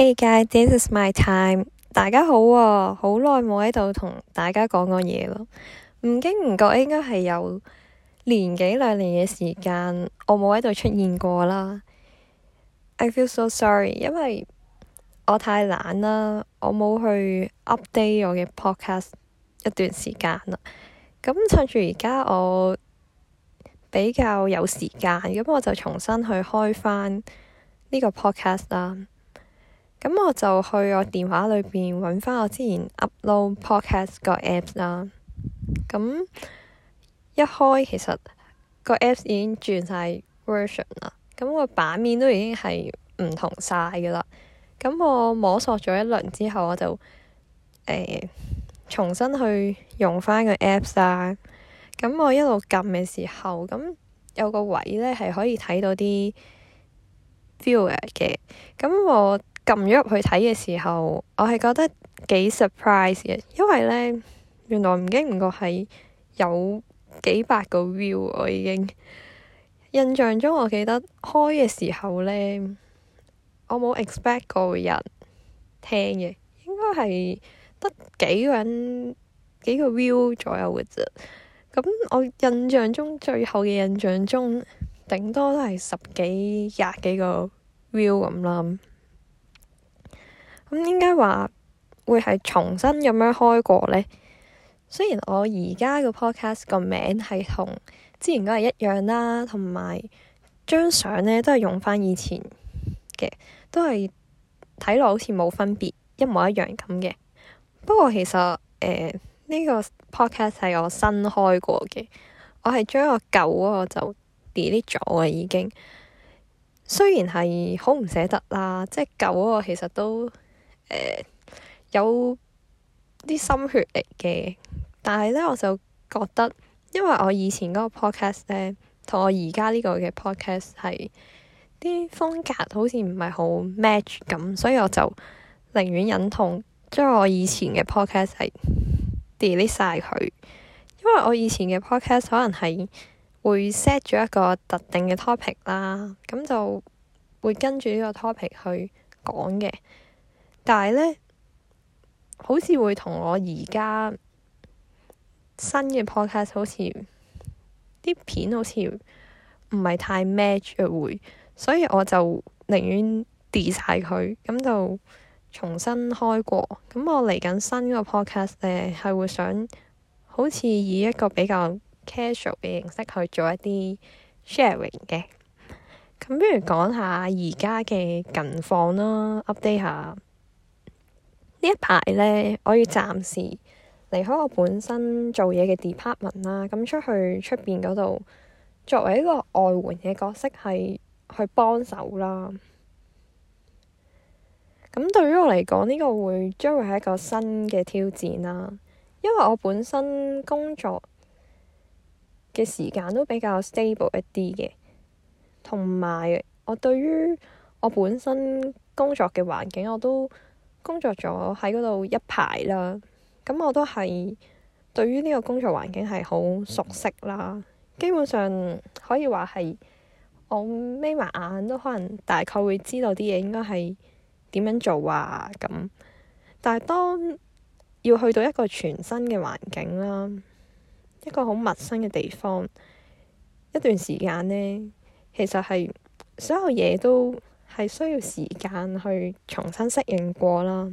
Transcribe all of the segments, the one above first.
Hey guys, this is my time。大家好啊，哦，好耐冇喺度同大家講過嘢咯。唔經唔覺，應該係有年幾兩年嘅時間，我冇喺度出現過啦。I feel so sorry，因為我太懶啦，我冇去 update 我嘅 podcast 一段時間啦。咁趁住而家我比較有時間，咁我就重新去開翻呢個 podcast 啦。咁我就去我電話裏邊揾翻我之前 upload podcast app，個 app 啦。咁一開其實個 app 已經轉晒 version 啦，咁，個版面都已經係唔同晒噶啦。咁我摸索咗一輪之後，我就誒、呃、重新去用翻個 apps 啦。咁我一路撳嘅時候，咁有個位咧係可以睇到啲 viewer 嘅。咁我。撳咗入去睇嘅時候，我係覺得幾 surprise 嘅，因為咧原來唔經唔覺係有幾百個 view。我已經印象中我記得開嘅時候咧，我冇 expect 過人聽嘅，應該係得幾個人幾個 view 左右嘅啫。咁我印象中最後嘅印象中，頂多都係十幾、廿幾個 view 咁啦。咁應該話會係重新咁樣開過咧。雖然我而家個 podcast 個名係同之前嗰個一樣啦，同埋張相咧都係用翻以前嘅，都係睇落好似冇分別，一模一樣咁嘅。不過其實誒呢、呃這個 podcast 係我新開過嘅，我係將個舊嗰個就 delete 咗啊。已經雖然係好唔捨得啦，即係舊嗰個其實都。誒、呃、有啲心血嚟嘅，但係咧我就覺得，因為我以前嗰個 podcast 咧，同我而家呢個嘅 podcast 係啲風格好似唔係好 match 咁，所以我就寧願忍痛將我以前嘅 podcast 係 delete 晒佢，因為我以前嘅 podcast 可能係會 set 咗一個特定嘅 topic 啦，咁就會跟住呢個 topic 去講嘅。但係咧，好似會同我而家新嘅 podcast 好似啲片好似唔係太 match 嘅，會所以我就寧願 delete 晒佢咁就重新開過。咁我嚟緊新嘅 podcast 咧係會想好似以一個比較 casual 嘅形式去做一啲 sharing 嘅咁，不如講下而家嘅近況啦，update 下。呢一排咧，我要暫時離開我本身做嘢嘅 department 啦，咁出去出邊嗰度作為一個外援嘅角色，係去幫手啦。咁對於我嚟講，呢個會將會係一個新嘅挑戰啦，因為我本身工作嘅時間都比較 stable 一啲嘅，同埋我對於我本身工作嘅環境我都。工作咗喺嗰度一排啦，咁我都係對於呢個工作環境係好熟悉啦。基本上可以話係我眯埋眼都可能大概會知道啲嘢應該係點樣做啊咁。但係當要去到一個全新嘅環境啦，一個好陌生嘅地方，一段時間咧，其實係所有嘢都。係需要時間去重新適應過啦。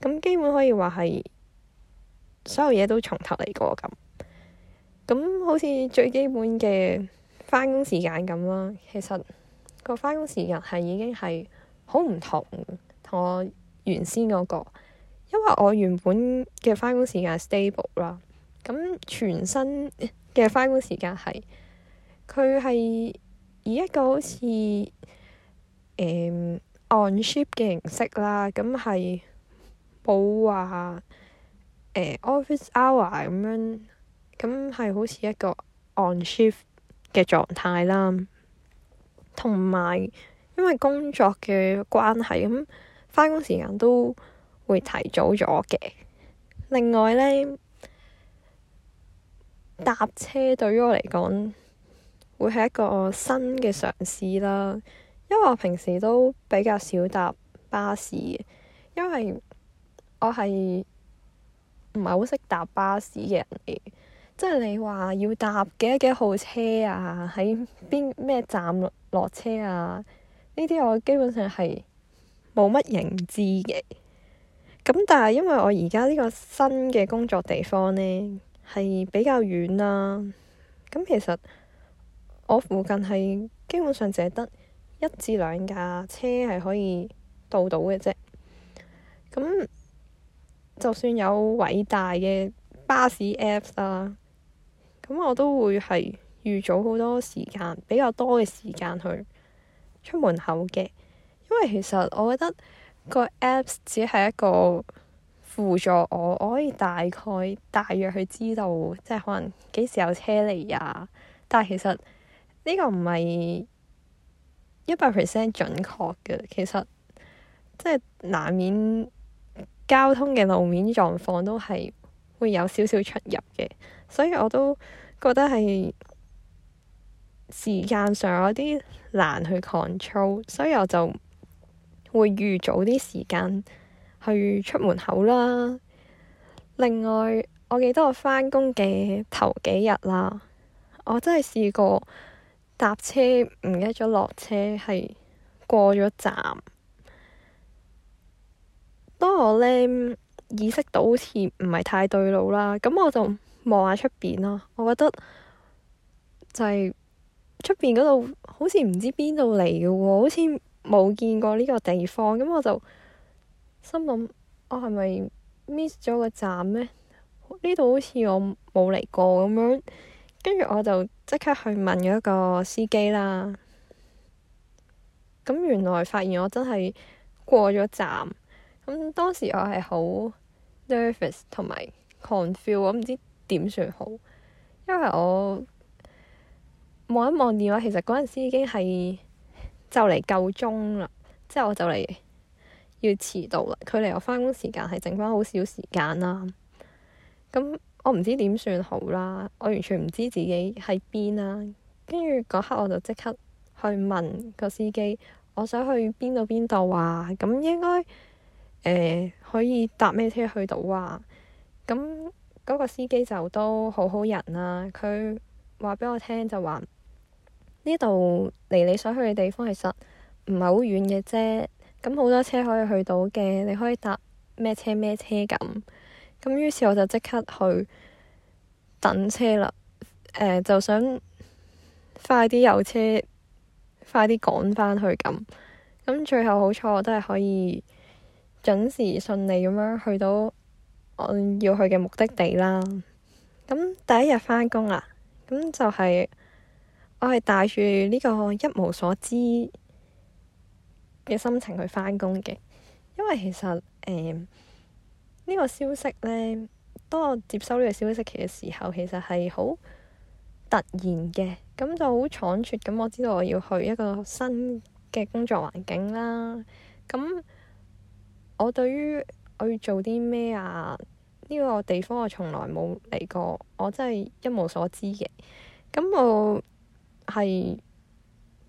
咁基本可以話係所有嘢都從頭嚟過咁。咁好似最基本嘅翻工時間咁啦。其實個翻工時間係已經係好唔同同我原先嗰個，因為我原本嘅翻工時間係 stable 啦。咁全新嘅翻工時間係佢係以一個好似。誒、um, on shift 嘅形式啦，咁係冇話、呃、office hour 咁樣，咁係好似一個 on shift 嘅狀態啦。同埋，因為工作嘅關係，咁翻工時間都會提早咗嘅。另外呢，搭車對於我嚟講，會係一個新嘅嘗試啦。因為我平時都比較少搭巴士，因為我係唔係好識搭巴士嘅人嚟，即係你話要搭幾多幾號車啊？喺邊咩站落車啊？呢啲我基本上係冇乜認知嘅。咁但係因為我而家呢個新嘅工作地方呢，係比較遠啦、啊，咁其實我附近係基本上淨係得。一至兩架車係可以到到嘅啫。咁就算有偉大嘅巴士 Apps 啦、啊，咁我都會係預早好多時間，比較多嘅時間去出門口嘅。因為其實我覺得個 Apps 只係一個輔助我，我可以大概大約去知道，即係可能幾時有車嚟呀、啊。但係其實呢個唔係。一百 percent 準確嘅，其實即係難免交通嘅路面狀況都係會有少少出入嘅，所以我都覺得係時間上有啲難去 control，所以我就會預早啲時間去出門口啦。另外，我記得我翻工嘅頭幾日啦，我真係試過。搭車唔記得咗落車，係過咗站。當我咧意識到好似唔係太對路啦，咁我就望下出邊囉。我覺得就係出邊嗰度好似唔知邊度嚟嘅喎，好似冇見過呢個地方。咁我就心諗，我係咪 miss 咗個站咧？呢度好似我冇嚟過咁樣。跟住我就，即刻去問嗰個司機啦，咁、嗯、原來發現我真係過咗站，咁、嗯、當時我係好 nervous 同埋 confuse，我唔知點算好，因為我望一望電話，其實嗰陣時已經係就嚟夠鐘啦，即係我就嚟要遲到啦，距離我翻工時間係剩翻好少時間啦，咁、嗯。我唔知點算好啦，我完全唔知自己喺邊啦。跟住嗰刻我就即刻去問個司機，我想去邊度邊度啊？咁應該誒、呃、可以搭咩車去到啊？咁嗰個司機就都好好人啊。佢話畀我聽就話：呢度離你想去嘅地方其實唔係好遠嘅啫。咁好多車可以去到嘅，你可以搭咩車咩車咁。咁於是我就即刻去等車啦，誒、呃、就想快啲有車，快啲趕翻去咁。咁最後好彩，我都係可以準時順利咁樣去到我要去嘅目的地啦。咁第一日翻工啦，咁就係我係帶住呢個一無所知嘅心情去翻工嘅，因為其實誒、呃呢個消息咧，當我接收呢個消息嘅時候，其實係好突然嘅，咁就好倉促。咁我知道我要去一個新嘅工作環境啦。咁我對於我要做啲咩啊？呢個地方我從來冇嚟過，我真係一無所知嘅。咁我係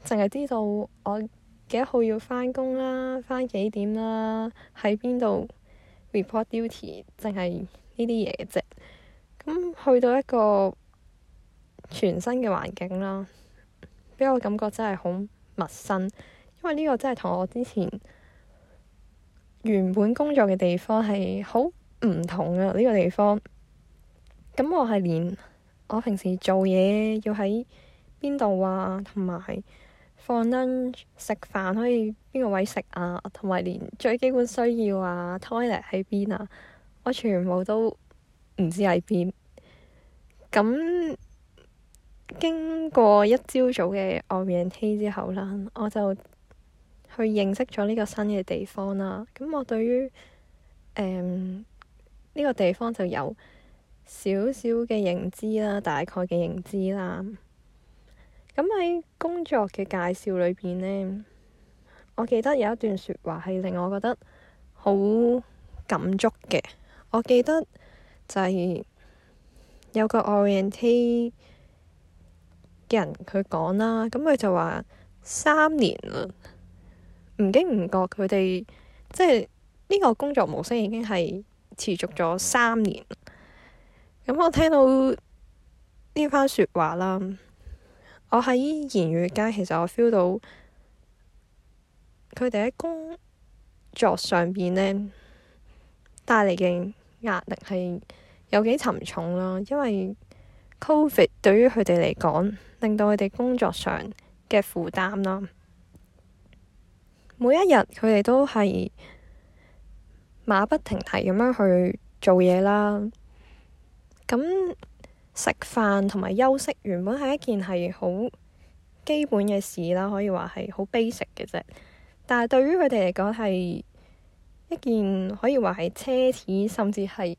淨係知道我幾號要返工啦，返幾點啦，喺邊度。Report duty，淨係呢啲嘢啫。咁去到一個全新嘅環境啦，俾我感覺真係好陌生，因為呢個真係同我之前原本工作嘅地方係好唔同啊。呢個地方咁，我係連我平時做嘢要喺邊度啊，同埋，放 lunch 食飯可以邊個位食啊？同埋連最基本需要啊，toilet 喺邊啊？我全部都唔知喺邊。咁經過一朝早嘅 orientation 之後啦，我就去認識咗呢個新嘅地方啦。咁我對於誒呢個地方就有少少嘅認知啦，大概嘅認知啦。咁喺工作嘅介紹裏邊呢，我記得有一段説話係令我覺得好感觸嘅。我記得就係有個 orient 嘅人佢講啦，咁佢就話三年啦，唔經唔覺佢哋即係呢個工作模式已經係持續咗三年。咁我聽到呢番説話啦。我喺言語間，其實我 feel 到佢哋喺工作上邊咧帶嚟嘅壓力係有幾沉重囉，因為 Covid 對於佢哋嚟講，令到佢哋工作上嘅負擔囉。每一日佢哋都係馬不停蹄咁樣去做嘢啦，咁。食飯同埋休息原本係一件係好基本嘅事啦，可以話係好 basic 嘅啫。但係對於佢哋嚟講係一件可以話係奢侈，甚至係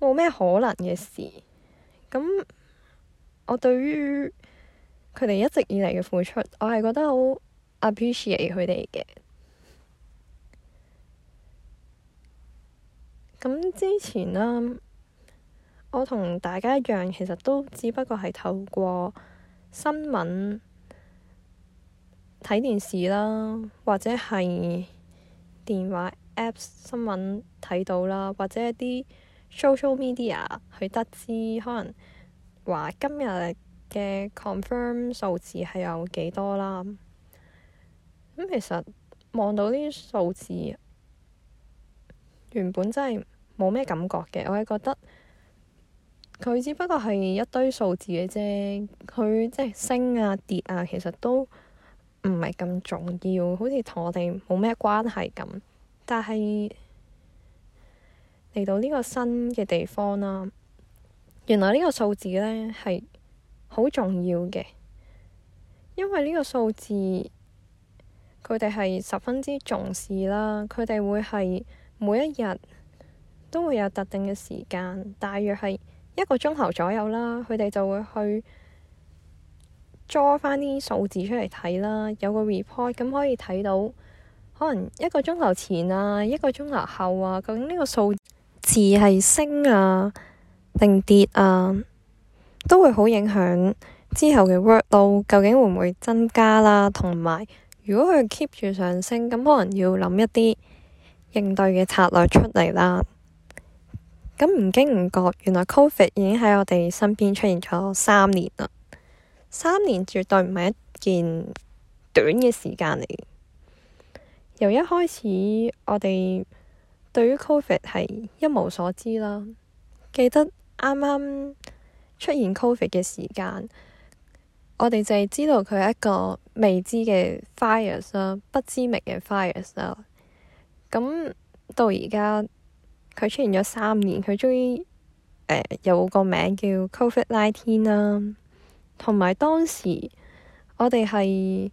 冇咩可能嘅事。咁我對於佢哋一直以嚟嘅付出，我係覺得好 appreciate 佢哋嘅。咁之前啦。我同大家一樣，其實都只不過係透過新聞睇電視啦，或者係電話 Apps 新聞睇到啦，或者一啲 social media 去得知，可能話今日嘅 confirm 數字係有幾多啦。咁其實望到呢啲數字，原本真係冇咩感覺嘅，我係覺得。佢只不過係一堆數字嘅啫。佢即係升啊跌啊，其實都唔係咁重要，好似同我哋冇咩關係咁。但係嚟到呢個新嘅地方啦，啊，原來呢個數字咧係好重要嘅，因為呢個數字佢哋係十分之重視啦。佢哋會係每一日都會有特定嘅時間，大約係，一個鐘頭左右啦，佢哋就會去 draw 返啲數字出嚟睇啦。有個 report 咁可以睇到，可能一個鐘頭前啊，一個鐘頭後啊，究竟呢個數字係升啊定跌啊，都會好影響之後嘅 workload，究竟會唔會增加啦？同埋如果佢 keep 住上升，咁可能要諗一啲應對嘅策略出嚟啦。咁唔經唔覺，原來 Covid 已經喺我哋身邊出現咗三年啦。三年絕對唔係一件短嘅時間嚟。由一開始我哋對於 Covid 係一無所知啦，記得啱啱出現 Covid 嘅時間，我哋就係知道佢係一個未知嘅 virus 啦，不知名嘅 virus 啦。咁到而家。佢出現咗三年，佢終於、呃、有個名叫 COVID-19 啦，同埋、啊、當時我哋係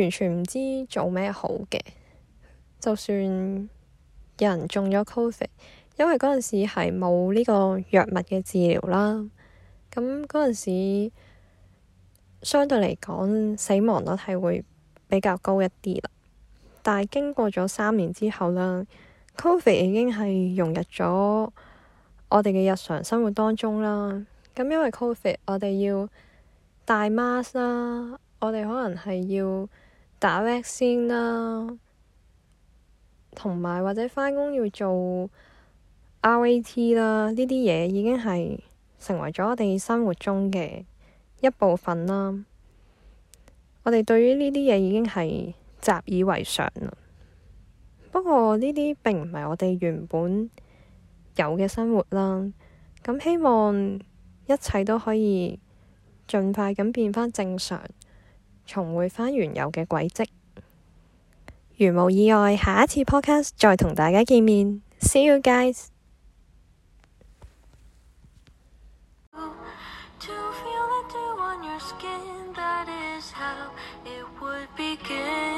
完全唔知做咩好嘅，就算有人中咗 COVID，因為嗰陣時係冇呢個藥物嘅治療啦，咁嗰陣時相對嚟講死亡率係會比較高一啲啦。但係經過咗三年之後啦 Covid 已經係融入咗我哋嘅日常生活當中啦。咁因為 Covid 我哋要戴 mask 啦，我哋可能係要打 vaccine 啦，同埋或者返工要做 RAT 啦，呢啲嘢已經係成為咗我哋生活中嘅一部分啦。我哋對於呢啲嘢已經係習以為常。不過呢啲並唔係我哋原本有嘅生活啦。咁、嗯、希望一切都可以盡快咁變翻正常，重回翻原有嘅軌跡。如無意外，下一次 podcast 再同大家見面，See you guys。